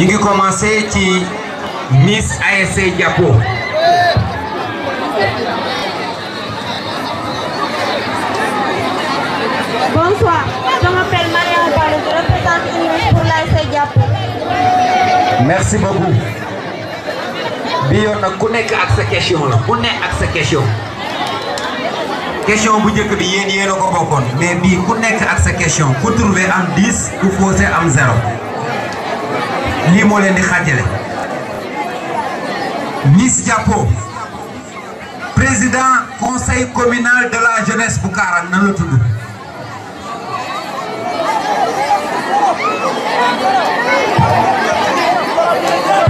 ñu ngi commencé ci Miss ASC Diapo Bonsoir, Merci beaucoup. bi yoon nag ku nekk ak sa question la ku nekk ak sa question question bu njëkk bi yéen yéen ko bokkoon mais bii ku nekk ak sa question ku trouver am 10 ku fausser am 0. li moo leen di xaajale Miss Diapo président conseil communal de la jeunesse bu Kaarang nan la tudd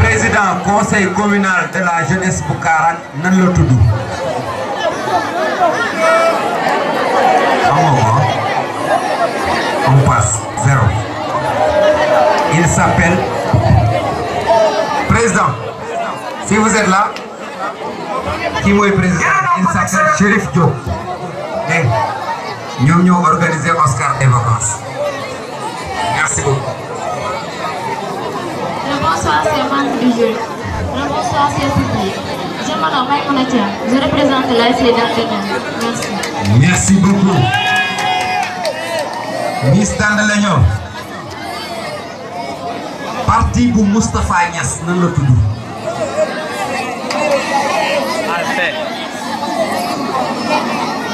président conseil communal de la jeunesse bu Kaarang nan la tudd amoo passe zéro il s'appelle président si vous êtes là kii mooy président il s'appelle Chérif Diop dégg ñoom ñoo organiser Oscar des vacances merci beaucoup. le bonsoir c'est membre du jury le bonsoir c'est public je m'appelle Maïmouna Thiam je représente l'ASC Dandeña merci. merci beaucoup. Miss Dandeleño. parti bu Moustapha Niass nan la tudd.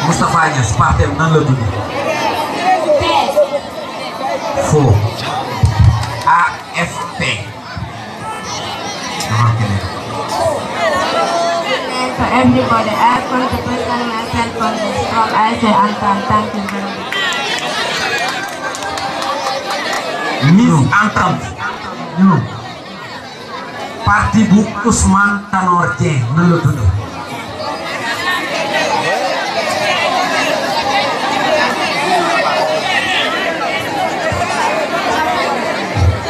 Moustapha Niass partem nan la tudd. AFP. For ñu parti bu Ousmane Tanor Dieng nan la tudd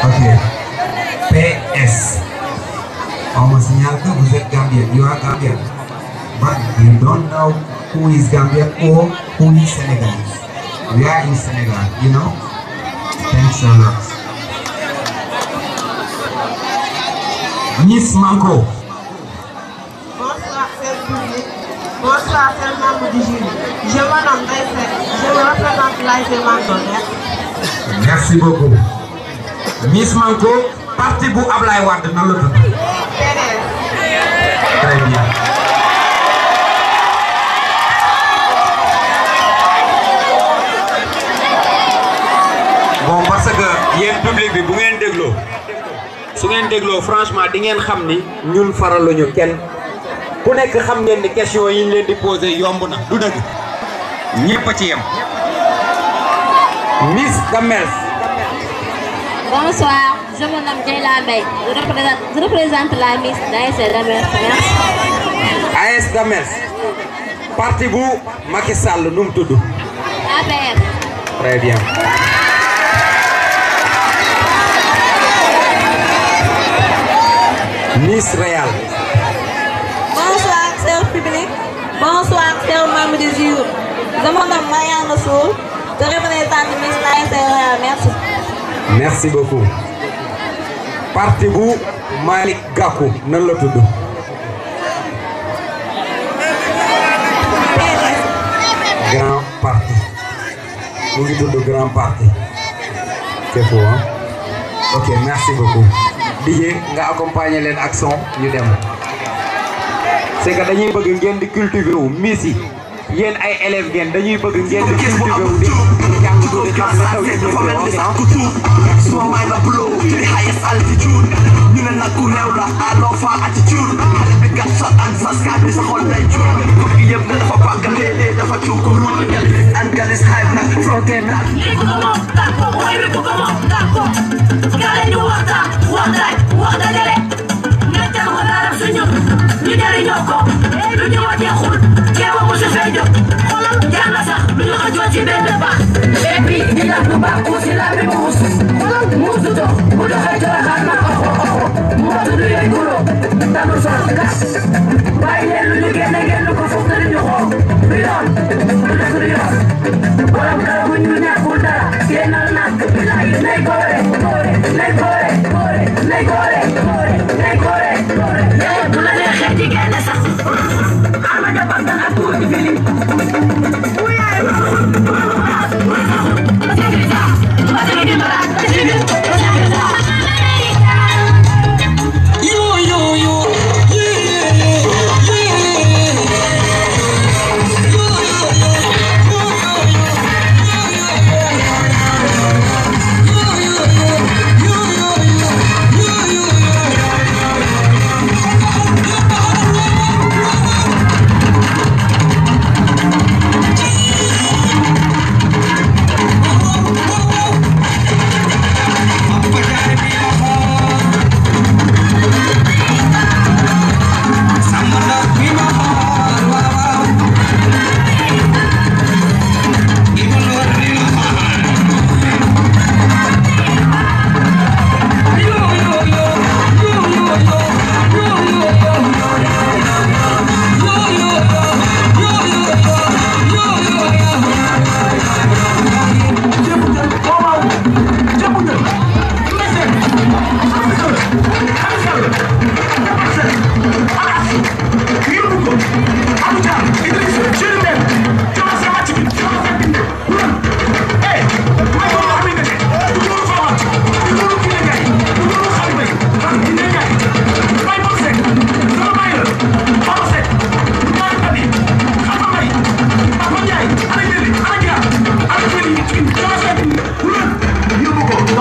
ok PS on me signale que vous êtes Gambien you are Gambian but you don't know who is Gambian or who is Senegalese we are in Senegal you know thanks a lot Miss Manko. Bonsoir, chers publics. Bonsoir, chers membres du jury. Je m'appelle Maïsek. Je me représente l'ASC Manko. Merci beaucoup. Miss Manko, parti bu Ablaye Wade nan la tudd. Eh, Très bien. bon parce que yéen public bi bu ngeen dégloo. su ngeen dégloo franchement di ngeen xam ni ñun faraluñu kenn ku nekk xam ngeen ni question yi leen di posé yomb na du dëgg ñëpp a ci yem. Miss Damels. Bonsoir, je me nomme Dieyla Mbaye. Je Miss d'AS Damels. AS Damels. bu Macky Sall nu mu tudd. APR. Miss Réal. Bonsoir, cher public. Bonsoir, cher membres du jury. Je m'appelle Marianne Soul, de représentante de Miss Nice Réal. Merci. Merci beaucoup. parti bu Malick Gakou nan la tudd. grand parti. mu ngi grand parti. c'est faux ok merci beaucoup. DJ nga accompagner leen ak son ñu dem c'est que dañuy bëgg ngeen di cultiver wu miis yi yéen ay élèves ngeen dañuy bëgg ngeen di cultiver wu di to go because I said dafa mel ni ku tuub suma may la blow to the highest altitude ñu ne nag ku réew la alors fa attitude xale bi gàttal ak saskat bi sa xol lay cuur kër gi yëpp ne dafa pàgg léeg-léeg dafa cuub ko ruut galis and galis hype nag frontier nag lii ku ko moom tax ko way bi ku ko moom tax ko gale ñu waxtaan waxtaan waxtaan jale nga jàng ko daaram suñu ñu jariñoo ko lu ñu wàññeekul keewa mosu fee jóg xoolal jaar na sax lu ñu xajoo ci benn baax a ila a sila bimus a musuto Udah hajar hana oho oho Mulut dulu ya guru Tanur sorga Baile lulu gene gene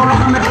loo xam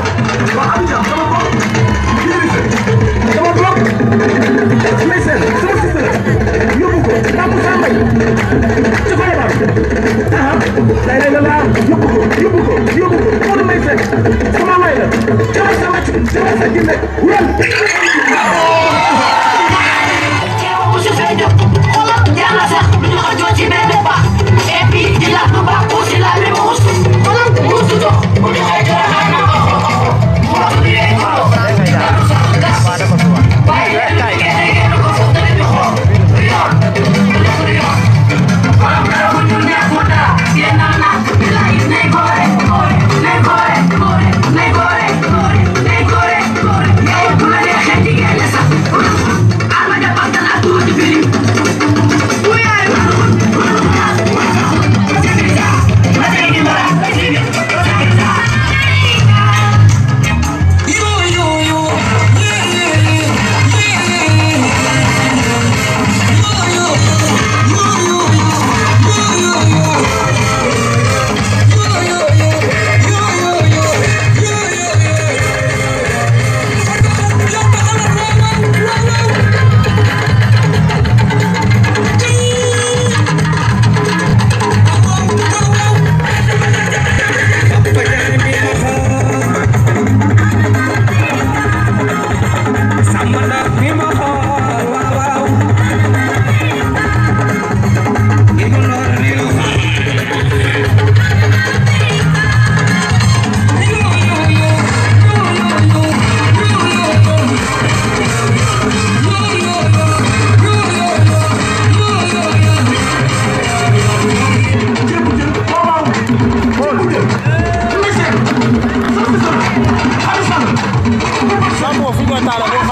taala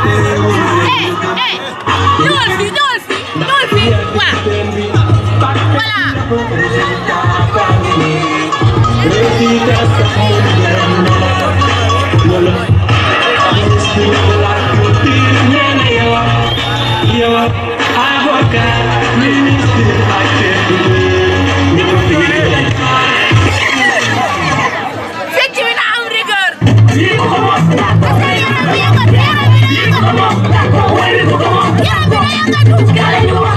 Dolphy, Dolphy, Dolphy, waaw voilà. Get up and I am the